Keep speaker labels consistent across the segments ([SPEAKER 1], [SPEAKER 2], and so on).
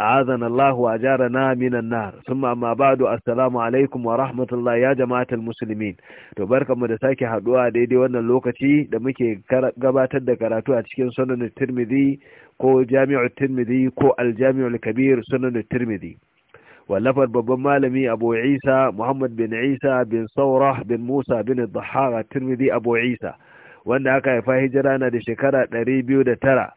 [SPEAKER 1] أعاذنا الله وأجارنا من النار ثم ما بعد السلام عليكم ورحمة الله يا جماعة المسلمين تبارك مدساكي حدوها دي دي وانا اللوكتي دمكي قباتا دكاراتو أتشكين سنن الترمذي كو جامع الترمذي كو الجامع الكبير سنن الترمذي wallafar babban malami abu isa muhammad bin isa bin saura bin musa bin dhahara tirmidhi abu isa wanda aka haifa hijira na da shekara 209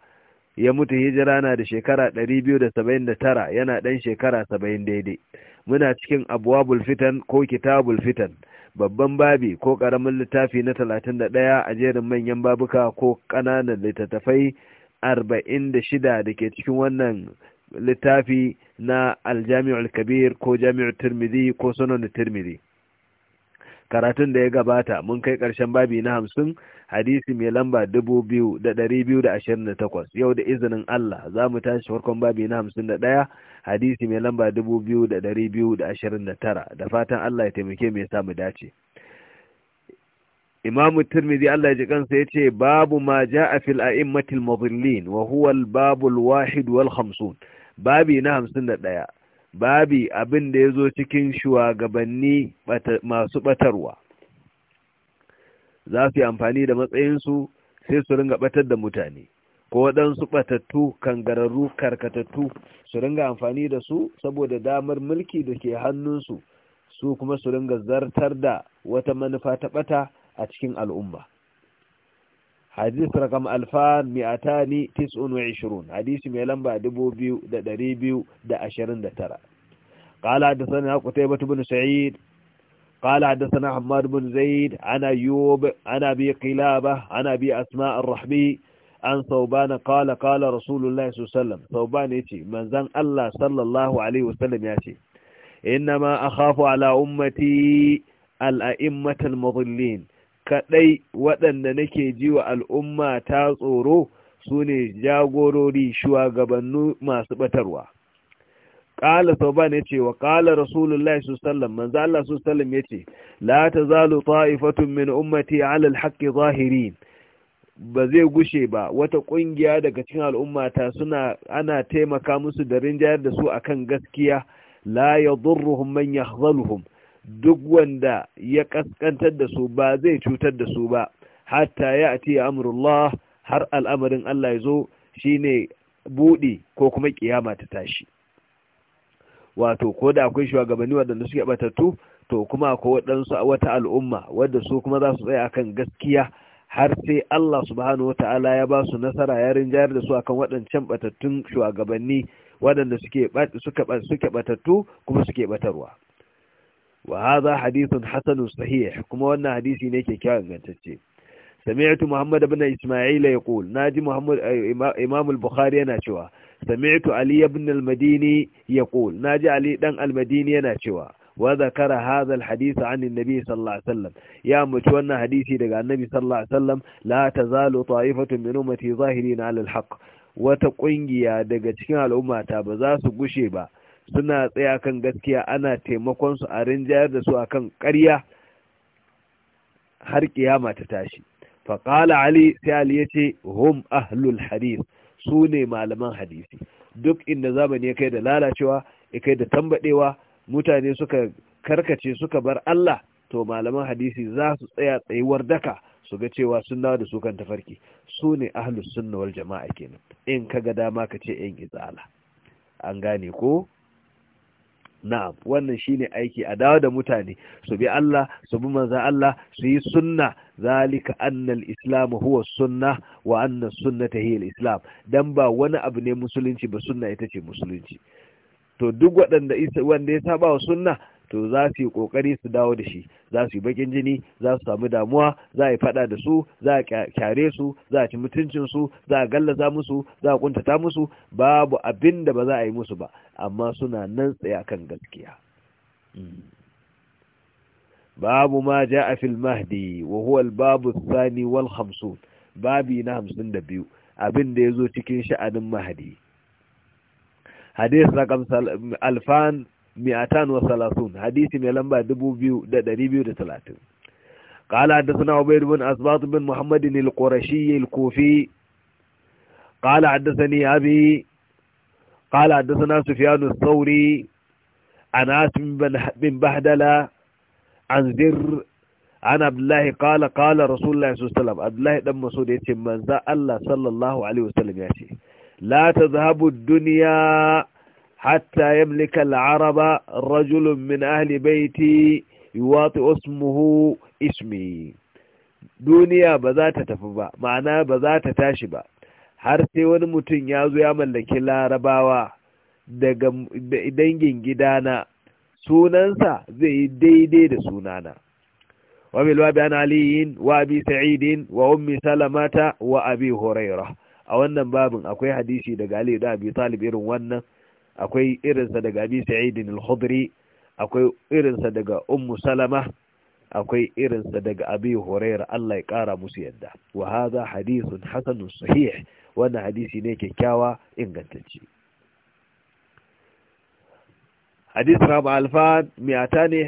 [SPEAKER 1] ya mutu hijira na da shekara 279 yana ɗan shekara 70 daidai muna cikin abuwabul fitan ko kitabul fitan babban babi ko ƙaramin littafi na talatin da ɗaya a jerin manyan babuka ko ƙananan littattafai arba'in da shida da ke cikin wannan littafi na aljami'ul kabir ko jami'ul tirmidhi ko sunan tirmidhi karatun da ya gabata mun kai ƙarshen babi na hamsin hadisi mai lamba dubu biyu da ɗari biyu da ashirin da takwas yau da izinin Allah za mu tashi farkon babi na hamsin da ɗaya hadisi mai lamba dubu biyu da ɗari biyu da ashirin da tara da fatan Allah ya taimake mai ya sa mu dace. Imam Tirmidhi Allah ya ji kansa ya ce babu ma ja'a fil a'immatil mudhillin wa huwa al-babu al-wahid wal khamsun babi na hamsin da babi abin da ya zo cikin shugabanni masu batarwa za su yi amfani da matsayinsu sai su ringa batar da mutane ko waɗansu batattu kangararru karkatattu su ringa amfani da su saboda damar mulki da ke hannunsu su kuma su ringa zartar da wata manufa ta bata a cikin al'umma hadith rakam alfan mi'atani tis'un wa ishirun hadisi mai lamba dubu biyu da ɗari biyu da ashirin da tara قال حدثنا قتيبة بن سعيد قال حدثنا حماد بن زيد عن أيوب عن أبي قلابة عن أبي أسماء الرحبي عن ثوبان قال قال رسول الله صلى الله عليه وسلم ثوبان يتي من زن الله صلى الله عليه وسلم يتي إنما أخاف على أمتي الأئمة المضلين kaɗai waɗanda nake ji wa al'umma ta tsoro su ne jagorori shugabannu masu ɓatarwa. Ƙala Sauban ya ce wa ƙala Rasulullah su sallam, Allah su ya ce, La ta zalu ta'ifatun min ummati alal haƙƙi zahiri, ba zai gushe ba wata ƙungiya daga cikin al'ummata suna ana taimaka musu da rinjayar da su akan gaskiya, la ya durruhum man zaluhun!" duk wanda ya kaskantar da su ba zai cutar da su ba hatta ya ati amrullah har al'amarin Allah ya zo shine buɗe ko kuma kiyama ta tashi wato ko da akwai shugabanni waɗanda suke batattu to kuma akwai waɗansu a wata al'umma wadda su kuma za su tsaya akan gaskiya har sai Allah subhanahu wata'ala ya ba su nasara ya rinjayar da su akan waɗancan batattun shugabanni waɗanda suke suka suke batattu kuma suke batarwa wahaza hadisin hadithun hasanun kuma wannan hadisi ne kyakkyawan gantacce sami'tu muhammad ibn isma'il yaqul naji muhammad imam al-bukhari yana cewa sami'tu ali ibn al-madini yaqul naji ali dan al yana cewa wa zakara hadha al sallallahu alaihi wasallam ya mutu wannan hadisi daga annabi sallallahu alaihi wasallam la tazalu ta'ifatun min ummati zahirin 'ala al wata kungiya daga cikin al'ummata ba za su gushe ba suna tsaya kan gaskiya ana taimakon su a rinjayar da su a kan ƙarya har kiyama ta tashi faƙala ali sai ali ya ce hum ahlul hadis su ne malaman hadisi duk inda zamani ya kai da lalacewa ya kai da tambadewa mutane suka karkace suka bar Allah to malaman hadisi za su tsaya tsayuwar daka su ga cewa sun da su kan tafarki su ne ahlus sunna wal jama'a kenan in kaga dama ka ce yan izala an gane ko na'am wannan shine aiki a dawo da mutane su bi Allah su bi manzon Allah su yi sunna zalika anna al-islam huwa sunna wa anna sunnata hiya al-islam dan ba wani abu ne musulunci ba sunna ita ce musulunci to duk waɗanda wanda ya saba wa sunna to za su yi kokari su dawo da shi za su yi bakin jini za su samu damuwa za a yi fada da su za a kyare su za a ci mutuncin su za a gallaza musu za a kuntata musu babu abin da ba za a yi musu ba amma suna nan tsaye kan gaskiya babu ma ja a fil mahdi wa huwa al babu thani wal khamsun babi na 52 abin da yazo cikin sha'anin mahdi hadith rakam alfan mi'atan wa salasun hadisi mai lamba 2230 قال حدثنا عبيد بن أسباط بن محمد القرشي الكوفي قال حدثني أبي قال حدثنا سفيان الثوري عن عاصم بن بهدلة عن زر عن عبد الله قال قال رسول الله صلى الله عليه وسلم عبد الله بن مسعود يتي من الله صلى الله عليه وسلم يأتي لا تذهب الدنيا hatta حتى يملك العرب رجل من أهل بيتي يواطئ اسمه اسمي دنيا بذات تفبا ta tashi ba har sai wani mutum ya zo ya mallaki larabawa daga dangin gidana sunansa zai yi daidai da sunana wa bilwabi an aliyin wa abi sa'idin wa ummi salamata wa abi huraira a wannan babin akwai hadisi daga ali da abi talib irin wannan akwai irinsa daga abi sa'idin al-khudri akwai irinsa daga ummu salama akwai irinsa daga abi hurairah Allah ya kara musu yadda wa hadha hadithun hasanun sahih wannan hadisi ne kyakkyawa ingantacce hadis rabu alfan miyata ne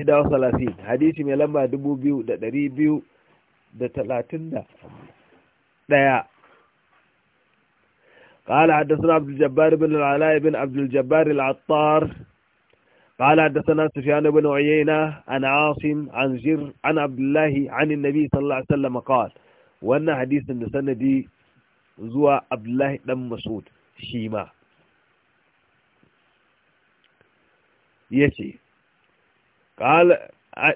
[SPEAKER 1] hadisi mai lamba dubu biyu da da talatin da قال حدثنا عبد الجبار بن العلاء بن عبد الجبار العطار قال حدثنا سفيان بن عيينة عن عاصم عن زر عن عبد الله عن النبي صلى الله عليه وسلم قال وأن حديث سندي زوى عبد الله بن مسعود شيما yace قال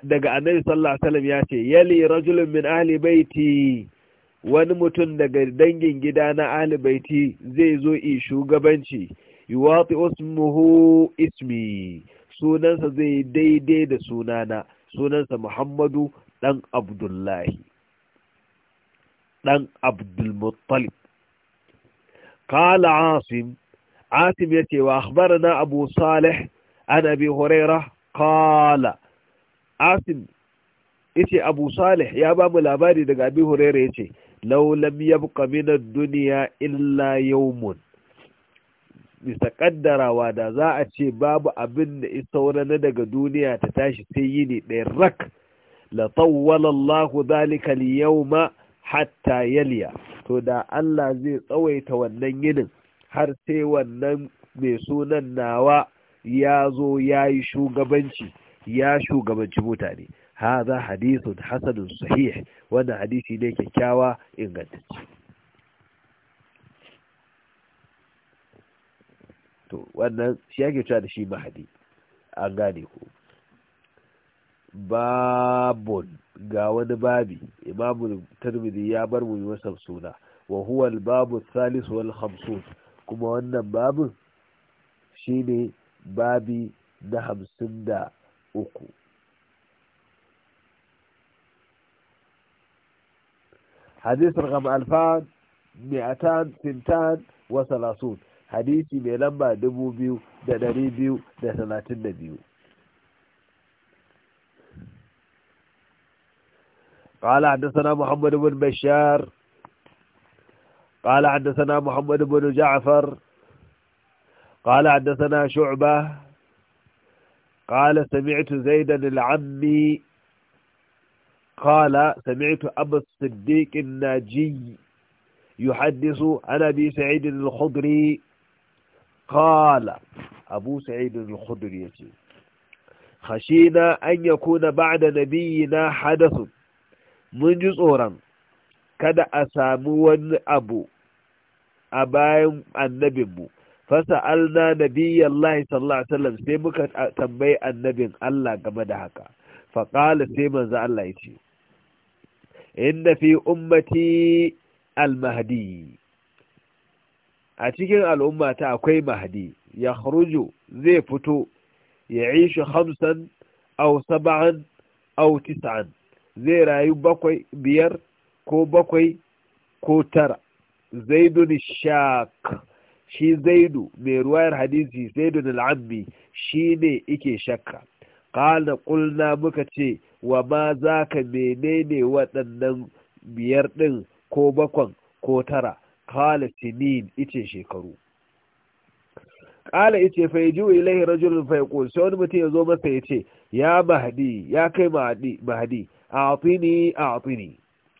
[SPEAKER 1] daga annabi sallallahu alaihi wasallam yace yali rajulun min ahli baiti wani mutum daga dangin gida na alibaiti zai zo i shugabanci yuwati osmuhu ismi sunansa zai daidai da sunana sunansa muhammadu dan abdullahi dan abdulmuttalib kala asim asim ya ce wa na abu salih an abi huraira kala asim ce abu salih ya ba mu labari daga abi ya ce. laulam lam yabqa duniya ad-dunya illa yawmun bisa da za a ce babu abin da isaura na daga duniya ta tashi sai yini ɗaya rak la tawwala Allahu dhalika hatta yalya to da Allah zai tsawaita wannan yinin har sai wannan mai sunan nawa ya zo ya shugabanci ya shugabanci mutane haza hadithun hasanun sahih wannan hadisi ne kyakkyawa ingantacce to wannan shi yake cewa da shi mahadi an gane babun ga wani babi imamu tirmidhi ya bar mu yi suna wa huwa al-babu thalith wal khamsun kuma wannan babun shine babi na hamsin da uku حديث رقم بيو دنري بيو lamba 2232 قال حدثنا محمد بن بشار قال حدثنا محمد بن جعفر قال حدثنا شعبة قال سمعت زيدا العمي قال سمعت أبا الصديق الناجي يحدث عن أبي سعيد الخضري قال أبو سعيد الخضري خشينا أن يكون بعد نبينا حدث من جزورا kada a sami wani abu a bayan annabinmu fasa'alna nabiyallahi sallallahu alaihi wasallam sai muka tambayi annabin Allah game da haka Faƙala sai manzo Allah inda fi ummati al-mahdi a cikin al'ummata akwai mahdi ya kharuju zai fito ya ishi hamsan au saba'an au tisa'an zai rayu bakwai biyar ko bakwai ko tara zaidun shak shi zaidu mai ruwayar hadisi zaidun al'ammi shi ne ike shakka ƙala ƙulna muka ce wa ma za ka menene waɗannan biyar ɗin ko bakwan ko tara ƙala sinin ice shekaru ƙala ice fa ji juyi ilai rajulun fa yi sai wani mutum ya zo masa ya ce ya mahadi ya kai mahadi a atini a atini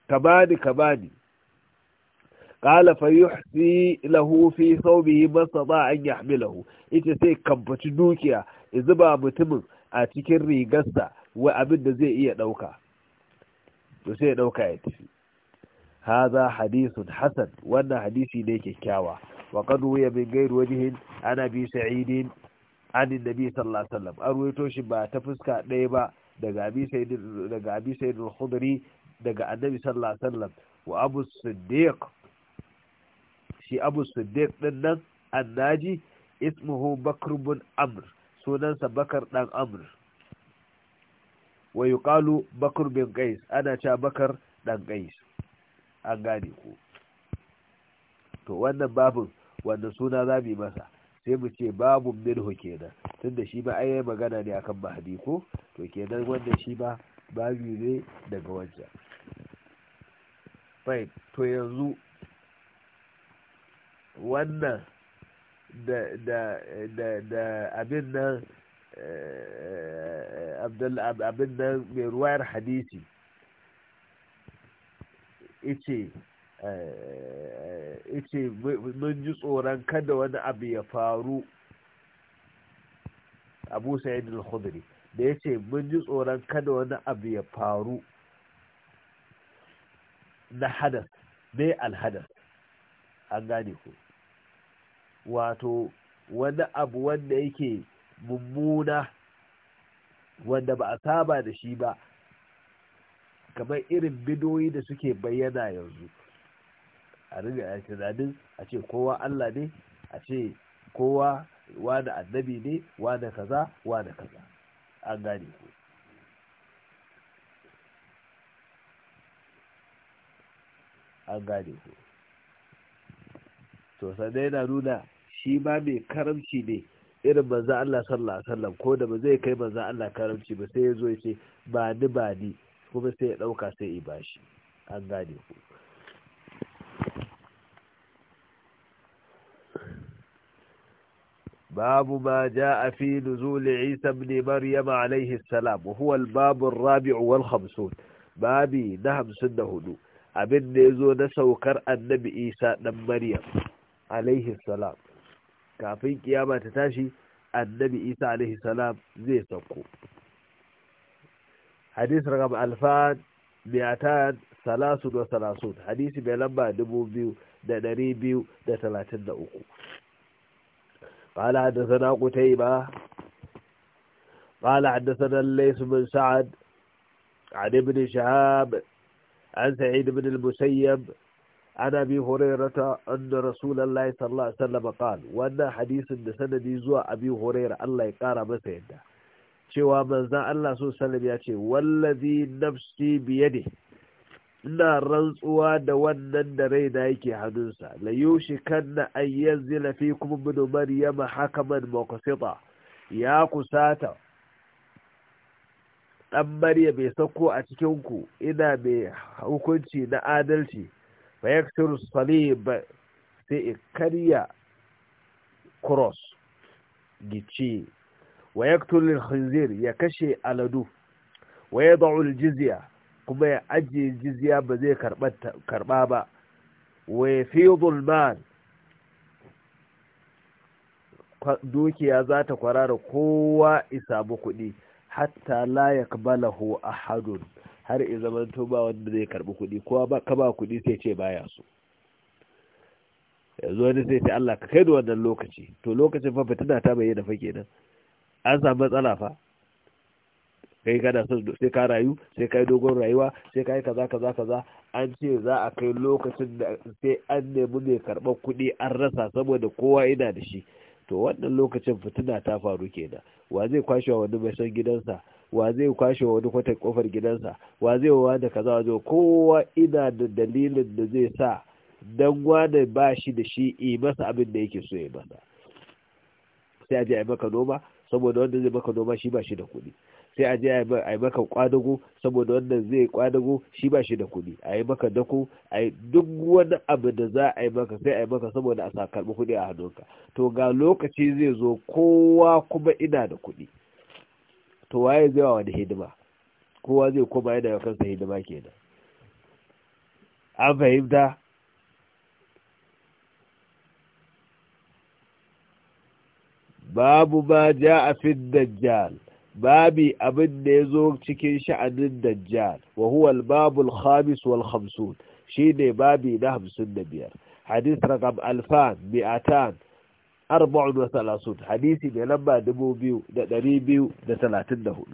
[SPEAKER 1] ka bani ka bani ƙala fa yuhsi lahu fi saubihi masa ba an lahu. ita sai kamfaci dukiya zuba mutumin a cikin rigarsa wa abin da zai iya ɗauka to sai ya ɗauka ya tafi haza hadisun hasan wannan hadisi ne kyakkyawa wa qad ya min gairu wajhin an abi sa'id anin annabi sallallahu alaihi wasallam an ruwaito shi ba ta fuska ɗaya ba daga abi sa'id daga abi sa'id al-khudri daga annabi sallallahu alaihi wasallam wa abu siddiq shi abu siddiq din nan annaji ismuhu bakr ibn amr sunansa bakar ɗan amr Wai yuqalu bakar bin ƙais ana cewa bakar ɗan ƙais. an gane ku to wannan babin wanda suna za mu yi masa sai mu ce babu minhu kenan tunda shi ba ai magana ne akan mahadi ko to kenan wannan shi ba babu ne daga wancan fine to yanzu wannan da abin nan eh, abin nan mai ruwayar hadisi ice eh, ice mun ji tsoron kada wani abu ya faru abu sa'id al-khudri da ya ce mun ji tsoron kada wani abu ya faru na hadas bai al-hadas an gane ku wato wani abu wanda yake mummuna wanda ba a saba da shi ba kamar irin bidoyi da suke bayyana yanzu a riga tunanin a ce kowa Allah ne a ce kowa wani annabi ne wani kaza wani kaza an gane ku an gane ku to sannan yana nuna shi ma mai karamci ne irin manzan Allah sallallahu alaihi wasallam ko da ba zai kai manzan Allah karamci ba sai ya zo ya ce ba ni ba ni kuma sai ya ɗauka sai ya bashi an gane ku باب ما جاء في نزول عيسى بن مريم عليه السلام وهو الباب الرابع والخمسون بابي نهم سنة هدو abin da ya zo na saukar annabi isa ɗan maryam alaihi salam kafin kiyama ta tashi annabi isa alaihi salam zai sauko hadis rakam alfan miyatan salasu da salasun hadisi mai lamba dubu biyu da ɗari biyu da talatin da uku قال حدثنا قتيبة قال حدثنا الليث بن سعد عن ابن شهاب عن سعيد بن المسيب Ana bi horerata da rasulun sallallahu alaihi wasallam wannan hadisin da sanadi zuwa abi horera Allah ya kara masa yadda cewa manzon Allah so sallam ya ce wallazi nafsi biyadi ina rantsuwa da wannan da rai da yake hannunsa la yushikan na ayyan fi kuma bin maryama hakaman maqsita ya kusata dan maryam bai sako a cikin ku ina mai hukunci na adalci fa yaktiru salib sai karya cross gici wa yaktul ya kashe aladu wa yad'u aljizya kuma ya ajiye jizya ba zai karba ba wa yafidu almal dukiya zata kwarara kowa isabu kuɗi hatta la yakbalahu ahadun har in zaman ba wanda zai karbi kuɗi kowa ba ka ba kuɗi sai ce baya so yanzu wani sai ta Allah ka kai da wannan lokaci to lokacin fa fitina ta bayyana fa kenan an samu matsala fa kai kana son sai ka rayu sai ka dogon rayuwa sai ka kaza kaza kaza an ce za a kai lokacin da sai an nemi mai karɓar kuɗi an rasa saboda kowa yana da shi to wannan lokacin fitina ta faru kenan wa zai kwashe wa wani mai gidansa wa zai kwashe wa wani kwatar kofar gidansa wa zai wa da kaza wa zai kowa ina da dalilin da zai sa dan wani ba shi da shi yi masa abin da yake so ya masa sai a je a yi maka noma saboda wanda zai maka noma shi ba shi da kuɗi sai a je a yi maka kwadago saboda wannan zai kwadago shi ba shi da kuɗi a yi maka dako a yi duk wani abu da za a yi maka sai a yi maka saboda a sa karɓi kuɗi a hannunka to ga lokaci zai zo kowa kuma ina da kuɗi to waye zai wa wani hidima kowa zai koma yana wa kansa hidima kenan an fahimta babu ma ja a fi dajjal babi abin da ya zo cikin sha'anin dajjal wa huwa al-babu al-khamis wal khamsun shine babi na 55 hadith raqam alfan mi'atan 34 hadisi mai lamba 2234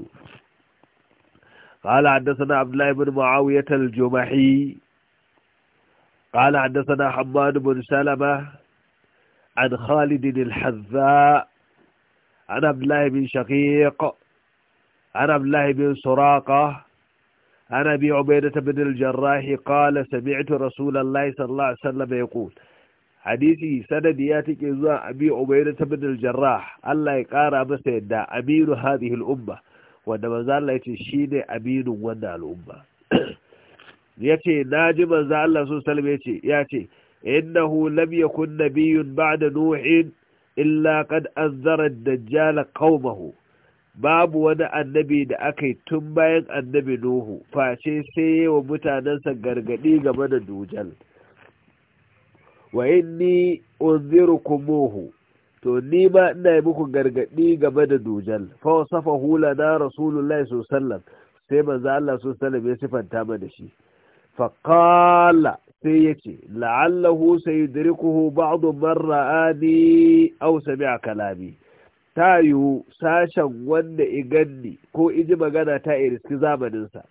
[SPEAKER 1] قال حدثنا عبد الله بن معاوية الجمحي قال حدثنا حماد بن سلمة عن خالد الحذاء عن عبد الله بن شقيق عن عبد الله بن سراقة عن أبي عبيدة بن الجراح قال سمعت رسول الله صلى الله عليه وسلم يقول حديثي سند ياتك إذا أبي عبيدة بن الجراح الله يقارى مسيدا أمين هذه الأمة وإنما زال يتشين أمين ونا الأمة يتي ناجم زال الله صلى الله عليه وسلم يتي يتي إنه لم يكن نبي بعد نوح إلا قد أنذر الدجال قومه babu wani annabi da aka yi tun bayan annabi Nuhu face sai yi wa mutanensa gargaɗi game da dujal wa inni unzirukumuhu to ni ma ina yi muku gargaɗi game da dujal fa safa hula na rasulullahi sallallahu sai manzo Allah sallallahu ya sifanta da shi fa sai ya ce. la'allahu sayudrikuhu ba'd marraani Marra'ani aw sami'a kalami ta yiwu sashen wanda iganni ko iji magana ta iriski zamaninsa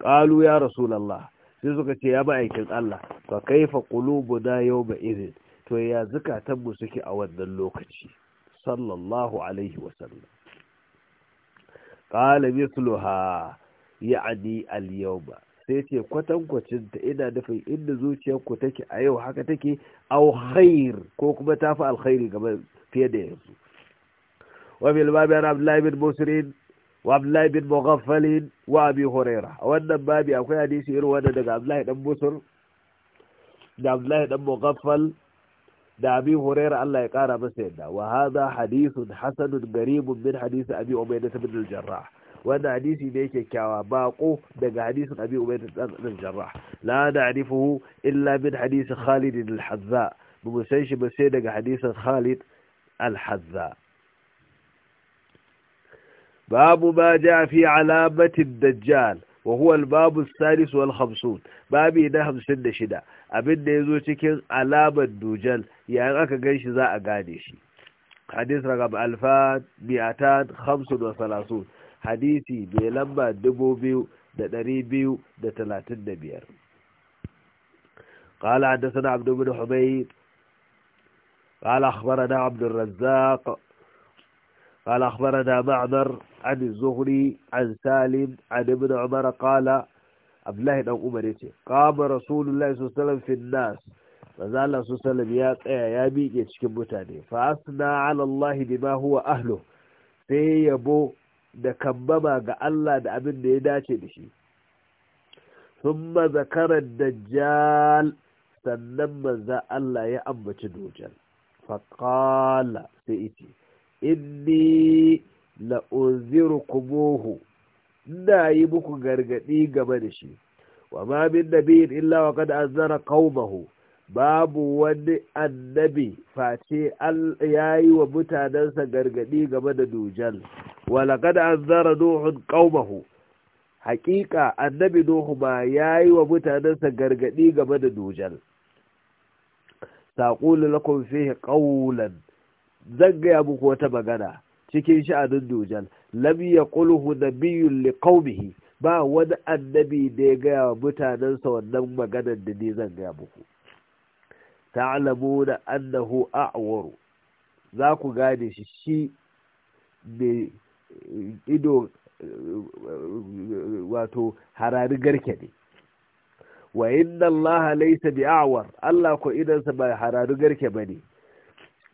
[SPEAKER 1] ƙalu ya rasu rasulallah sai suka ce ya ma'aikin Allah kai fa kaifa Yau ba iri to ya zukatanmu suke a wannan lokaci sallallahu alaihi wa sallam qala mithluha ya'ni al ba sai ce kwatankwacin ta ina nufin inda zuciyarku take a yau haka take au khair ko kuma ta tafi alkhairi game fiye da yanzu وفي الباب عن عبد الله wa بسر وعبد الله بن مغفل وابي هريره wannan babi akwai hadisi irin wanda daga Abdullahi dan Busur da Abdullahi dan Mughaffal da Abi Hurairah Allah ya kara masa yadda wa hadha hadisun hasanun garibun min hadisi Abi Ubaydah bin al-Jarrah wanda hadisi ne kyakkyawa bako daga hadisun Abi Ubaydah bin al-Jarrah la hu illa min hadisi Khalid al-Hazza bu san shi ba sai daga hadisun Khalid al-Hazza باب ما جاء في علامة الدجال وهو الباب الثالث والخمسون بابي na hamsin da shida abinda ya zo cikin alamar dujal yayin aka gan shi za a gane shi hadis ragab alfan miyatan hamsin da salasun hadisi mai lamba dubu biyu da ɗari biyu da talatin da biyar قال حدثنا عبد بن حميد قال أخبرنا قال أخبرنا معمر عن الزهري عن سالم عن ابن عمر قال عبد الله بن عمر قام رسول الله صلى الله عليه وسلم في الناس فذا الله صلى الله عليه وسلم يا بيجي cikin mutane fa asna ala Allah bima huwa ahlu sai yabo da kambama ga Allah da abin da ya dace da shi summa zakara dajjal sannan Maza Allah ya ambaci dujal fa sai yace inni la'unziru kubuhu ina yi muku gargaɗi game da shi wa ma min nabiyin illa wa kada azzara qaumahu babu wani annabi face ya yi wa mutanensa gargaɗi game da dujal wala kada zara nuhun qaumahu haƙiƙa annabi nuhu ma ya yi wa mutanensa gargaɗi game da dujal saƙulu lakum fihi qawlan Zan gaya muku wata magana cikin sha'anin dujal lam da nabiyyun liqaumihi ba wani annabi da ya gaya wa mutanensa wannan maganar da ne zan gaya muku ta'lamuna annahu a'waru za ku gane shi shi ne eh, ido eh, wato harari garke ne wa inna allaha laysa a'war Allah ko idansa ba harari garke bane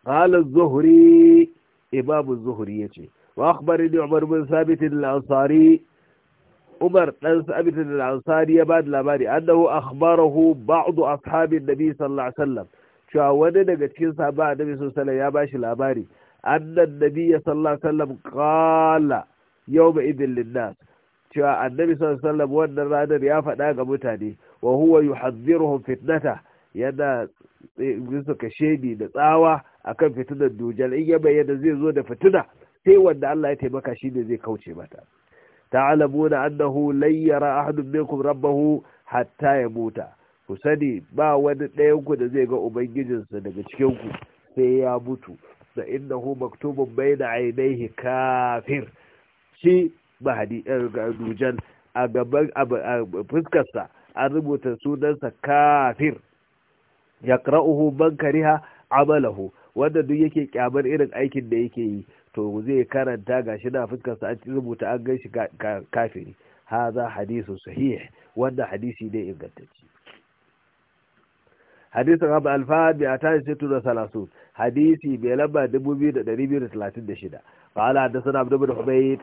[SPEAKER 1] qala zuhri imamu zuhri yace wa akhbarani umar bin sabit al-ansari umar dan sabit al-ansari ya bada labari annahu akhbarahu ba'd ashabin nabi sallallahu alaihi wani daga cikin sahaba annabi sallallahu alaihi ya bashi labari annan nabi sallallahu alaihi wasallam qala yawma idin linnas cewa annabi sallallahu alaihi ranar ya faɗa ga mutane wa huwa yuhadhdhiruhum fitnata yana musu kashedi da tsawa akan fitilar dujal in ya bayyana zai zo da fitina sai wanda Allah ya taimaka shi ne zai kauce mata ta'lamuna annahu layyara yara ahadun minkum rabbahu hatta ya mota ku sani ba wani ɗayan da zai ga ubangijinsa daga cikin ku sai ya mutu da innahu maktubun bayna ainihi kafir shi mahadi eh, dujal a gaban fuskarsa an rubuta sunansa kafir yaqra'uhu man kariha amalahu wanda duk yake kyamar irin aikin da yake yi to zai karanta shi na fuskarsa an rubuta an gan shi kafiri za hadisu sahih wanda hadisi ne ingantacce hadisin abu alfahad bi a tashi sai tuna salasun hadisi bai lamba 2236 قال na عبد بن حميد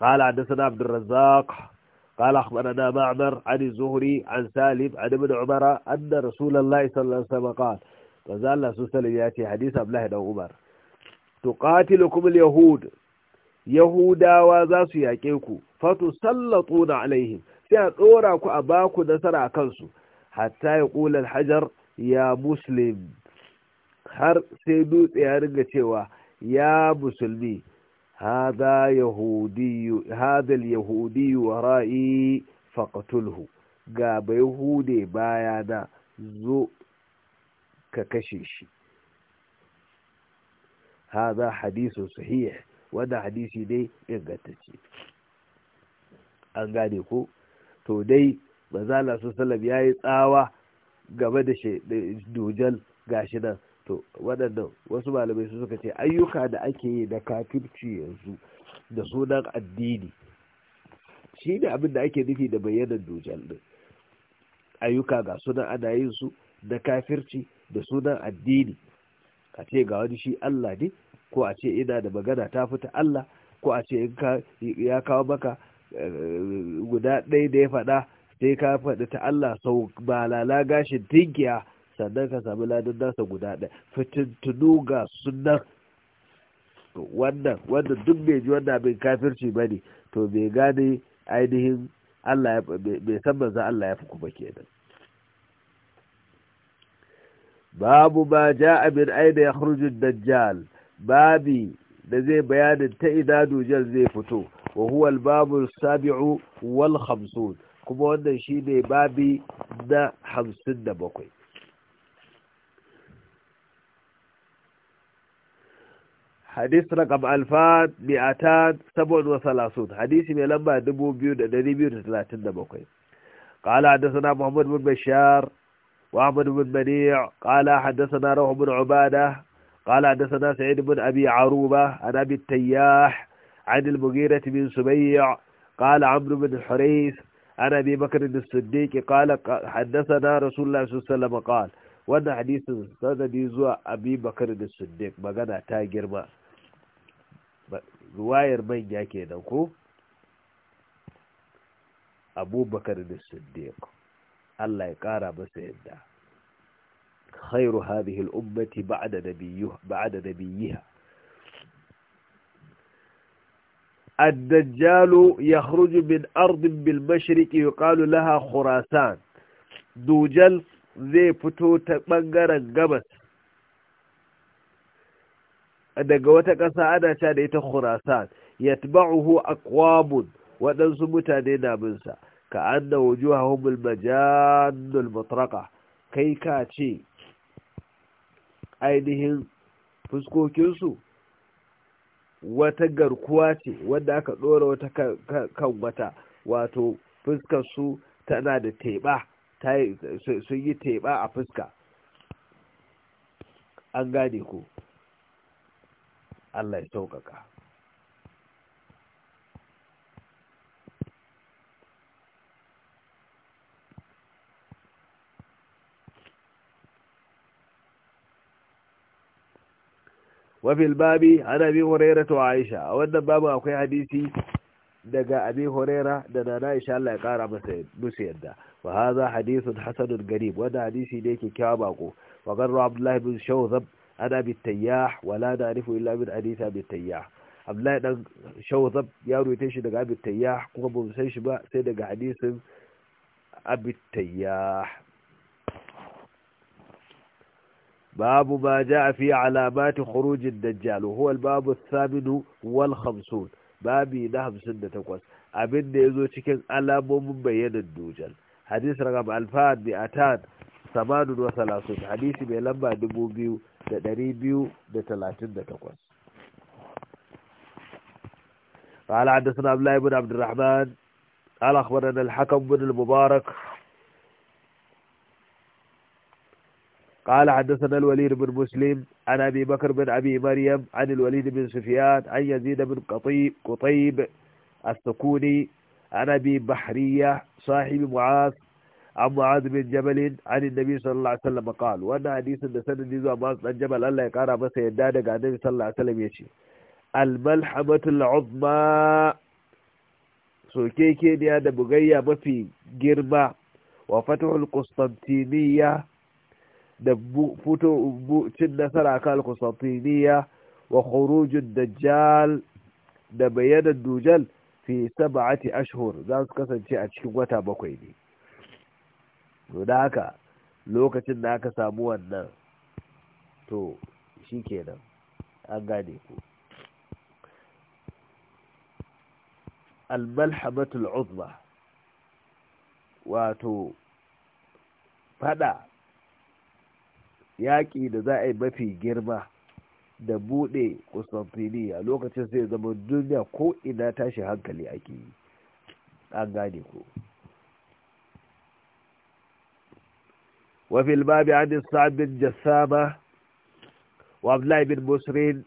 [SPEAKER 1] قال na abdul razzaq قال اخبرنا معمر عن الزهري عن سالم عن ابن عمر ان رسول الله صلى الله عليه وسلم قال manzo Allah su sallam ya ce hadisi Abdullahi dan Umar tuqatilukum al-yahud yahudawa za su yaƙe ku fatu alaihim sai a tsora ku a baku nasara a kansu hatta ya hajar ya muslim har sai dutse ya riga cewa ya musulmi hadha yahudiyu wa ra'i wara'i faqtulhu ga bai hude bayana zo ka kashe shi haza hadisu sahih wanda hadisi dai ingantacce an gane ko to dai manzala su salam ya yi tsawa game da dujal gashi nan to waɗannan wasu malamai su suka ce ayyuka da ake yi na kafirci yanzu da sunan addini shi ne abin da ake nufi da bayyanar dujal ɗin ayyuka ga sunan ana yin su da kafirci da sunan addini a ce ga wani shi Allah ne ko a ce ina da magana ta fita Allah ko a ce ya kawo maka eh, guda ɗaya da ya faɗa sai ka faɗi ta Allah sau lala gashin tinkiya sannan ka sami ladin nasa guda ɗaya fitintunu ga sunan wannan wanda duk bai ji wannan abin kafirci ba ne to mai gane ainihin Allah bai san Allah ya fi kuma kenan babu ba ja'a bil aida ya khruju dajjal babi da zai bayanin ta ida dujal zai fito wa huwa babu sabiu kuma wannan shine babi na 57 hadis rakam alfan mi'atan sabon wasalasun hadisi mai lamba 2237 قال حدثنا محمد بن بشار وعمر بن منيع قال حدثنا روح بن عبادة قال حدثنا سعيد بن أبي عروبة عن أبي التياح عن المغيرة بن سبيع قال عمرو بن حريث عن أبي بكر الصديق قال حدثنا رسول الله صلى الله عليه وسلم قال wannan hadisin sanadi zuwa abi bakar da مغانا magana ما رواير من manya نوكو أبو بكر da siddiq الله يكارا بسيدا خير هذه الأمة بعد نبيها بعد نبيها الدجال يخرج من أرض بالمشرق يقال لها خراسان دوجل زي فتو تبنغر الجبس أدى قوتك سعادة شانيت خراسان يتبعه أقواب ودنس متانين منسا ka anna wujuhahum al-majann al-mutraqa kai ka ce ainihin fuskokinsu wata garkuwa ce wanda aka ɗora wata kan wata wato su tana da teɓa sun yi teɓa a fuska an gane ku Allah ya sauƙaƙa wafil babi an abi huraira to aisha a wannan babu akwai hadisi daga abi huraira da nana aisha Allah ya kara musu yadda wa hadha hadithun hasanun garib wanda hadisi ne yake kyawa baƙo wa garra abdullahi bin shawzab an abi tayyah wa la na'rifu illa min hadith abi tayyah abdullahi dan shawzab ya ruwaye shi daga abi tayyah kuma ba mu san shi ba sai daga hadisin abi tayyah باب ما جاء في علامات خروج الدجال وهو الباب الثامن والخمسون babi na hamsin da takwas abin da ya zo cikin alamomin bayyanar dujal hadis ragam alfahad bi atan samanun wa salasun hadisi mai lamba dubu biyu da ɗari biyu da talatin da takwas قال حدثنا عبد بن عبد الرحمن قال اخبرنا الحكم بن المبارك قال حدثنا الوليد بن مسلم عن أبي بكر بن أبي مريم عن الوليد بن سفيان عن يزيد بن قطيب, قطيب السكوني عن أبي بحرية صاحب معاذ عن معاذ بن جبل عن النبي صلى الله عليه وسلم قال وأن حديث ان سنة ديزو معاذ بن جبل الله يقارى بس يدادك عن النبي صلى الله عليه وسلم يشي الملحمة العظمى سوكيكي نيانا بغية ما في جرمى وفتح القسطنطينية da fito cin nasara kan al wa khurujin dajjal da bayyana dujal fi sab'ati ashhur za su kasance a cikin wata bakwai ne to da haka lokacin da aka samu wannan to shikenan an gane ku al-malhamatul uzma wato fada yaƙi da za a yi mafi girma da buɗe a lokacin sai zama duniya ko ina tashi hankali ake yi an gane ku. وفي الباب عن الصعب بن جسامة وعبد الله بن مسر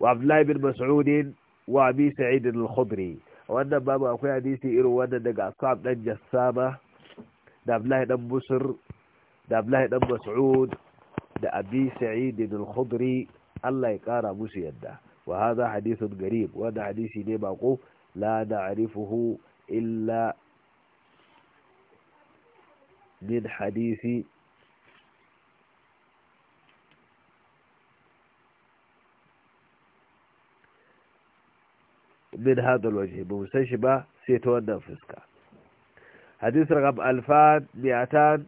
[SPEAKER 1] وعبد الله بن مسعود وابي سعيد الخضري وأن باب أخوي حديثي إروانا دقى الصعب بن جسامة عبد بن مسر da Abdullahi dan Mas'ud da Abi Sa'id al-Khudri Allah ya kara musu yadda wa hadha hadithun garib wanda hadisi ne bako la na'rifuhu illa min hadisi من هذا الوجه بمستشبه سيتوانا فسكا حديث رقم 2200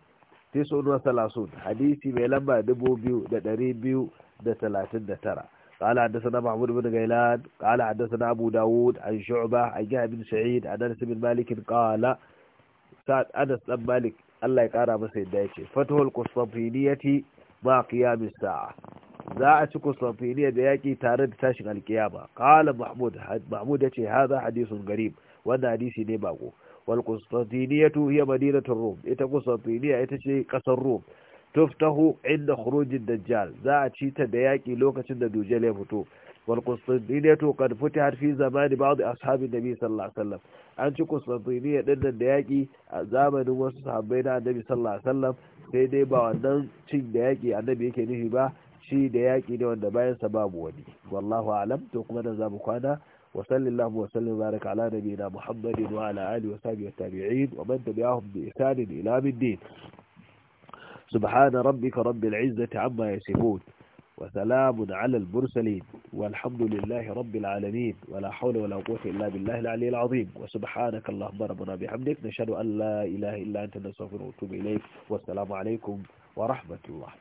[SPEAKER 1] tisun wa salasun hadisi mai lamba dubu biyu da ɗari biyu da talatin da tara قال حدثنا محمود بن غيلان قال حدثنا أبو داود عن شعبة عن جهة بن سعيد عن أنس بن مالك قال سعد أنس بن مالك الله يقارى مسيد دايتي فتح القسطنطينية مع قيام الساعة za a ci Constantinople da yaƙi tare da tashin alkiyama kala mahmud ya ce haza hadithun garib wannan hadisi ne bako wal ya hiya madinatur rum ita qustantiniya ita ce kasar rum tuftahu inda kurojin dajjal za a ci ta da yaki lokacin da dujjal ya fito wal qustantiniyatu qad fi zamani ba'd ashabin nabi sallallahu alaihi wasallam an ci qustantiniya din nan da yaki a zamanin wasu sahabbai na annabi sallallahu alaihi sai dai ba wannan cin da yaki annabi yake nufi ba shi da yaki ne wanda bayan sa babu wani wallahu alam to kuma da zamu kwana وصل اللهم وسلم وبارك على نبينا محمد وعلى آله وصحبه والتابعين ومن تبعهم بإحسان إلى الدين سبحان ربك رب العزة عما يصفون وسلام على المرسلين والحمد لله رب العالمين ولا حول ولا قوة إلا بالله العلي العظيم وسبحانك اللهم ربنا بحمدك نشهد أن لا إله إلا أنت نستغفرك ونتوب إليك والسلام عليكم ورحمة الله